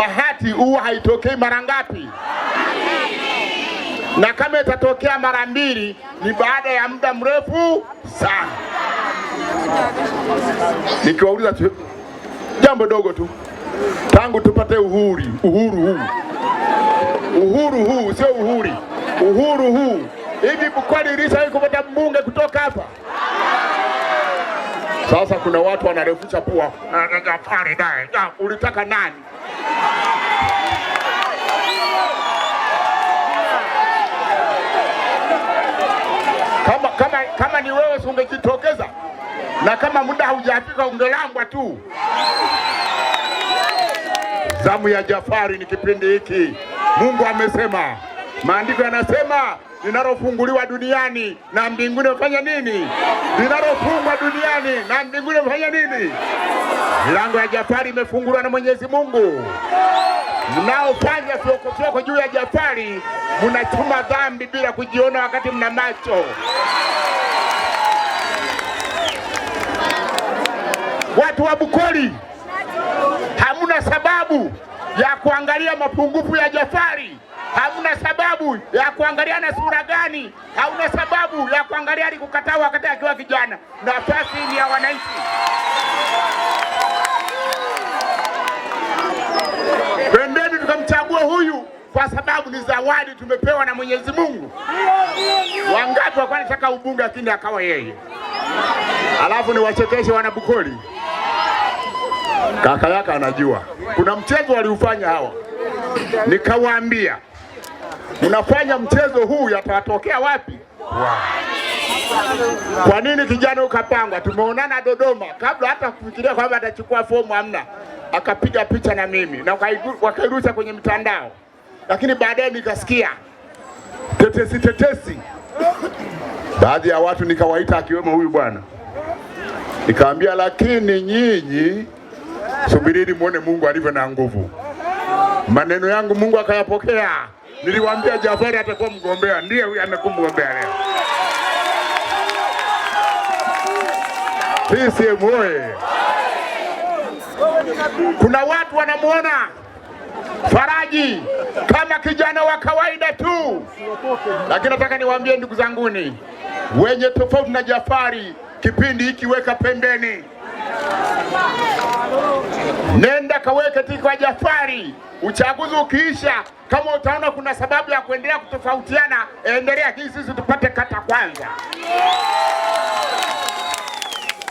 Bahati huwa haitokei mara ngapi? Na kama itatokea mara mbili ni baada ya muda mrefu sana. Nikiwauliza jambo dogo tu, tangu tupate uhuru, uhuru huu, uhuru huu sio uhuri, uhuru huu, hivi Bukwali ilishawahi kupata mbunge kutoka hapa? Sasa kuna watu wanarefusha pua, ulitaka nani? Kama, kama, kama ni wewe ungejitokeza na kama muda haujafika ungelangwa tu. Zamu ya Jafari ni kipindi hiki. Mungu amesema, maandiko yanasema linalofunguliwa duniani na mbinguni wafanya nini? Linalofungwa duniani na mbinguni wafanya nini? Milango ya Jafari imefunguliwa na Mwenyezi Mungu. Mnaofanya vyokovyoko juu ya Jafari mnachuma dhambi bila kujiona, wakati mna macho. Watu wa Bukoli, hamuna sababu ya kuangalia mapungufu ya Jafari, hamuna sababu ya kuangalia na sura gani, hauna sababu ya kuangalia alikukataa wakati akiwa kijana. Nafasi ni ya wananchi. sababu ni zawadi tumepewa na Mwenyezi Mungu. Wangapi walikuwa nataka ubunge lakini akawa yeye. Alafu ni wachekeshe Wanabukoli, kaka yake anajua kuna mchezo waliufanya hawa, nikawaambia unafanya mchezo huu, yatatokea wapi? Kwa nini kijana ukapangwa? Tumeonana Dodoma, kabla hata kufikiria kwamba atachukua fomu, hamna, akapiga picha na mimi na wakairusha kwenye mtandao lakini baadaye nikasikia tetesi tetesi, baadhi ya watu nikawaita, akiwemo huyu bwana, nikaambia, lakini nyinyi subirini muone Mungu alivyo na nguvu. Maneno yangu Mungu akayapokea. Niliwaambia Jafari atakuwa mgombea, ndiye huyu anakumgombea leo. CCM oye! Kuna watu wanamuona Faraji kama kijana wa kawaida tu, lakini nataka niwaambie ndugu zanguni wenye tofauti na Jafari, kipindi hiki weka pembeni, nenda kaweke tiki kwa Jafari. Uchaguzi ukiisha, kama utaona kuna sababu ya kuendelea kutofautiana, endelea, hii sisi tupate kata kwanza.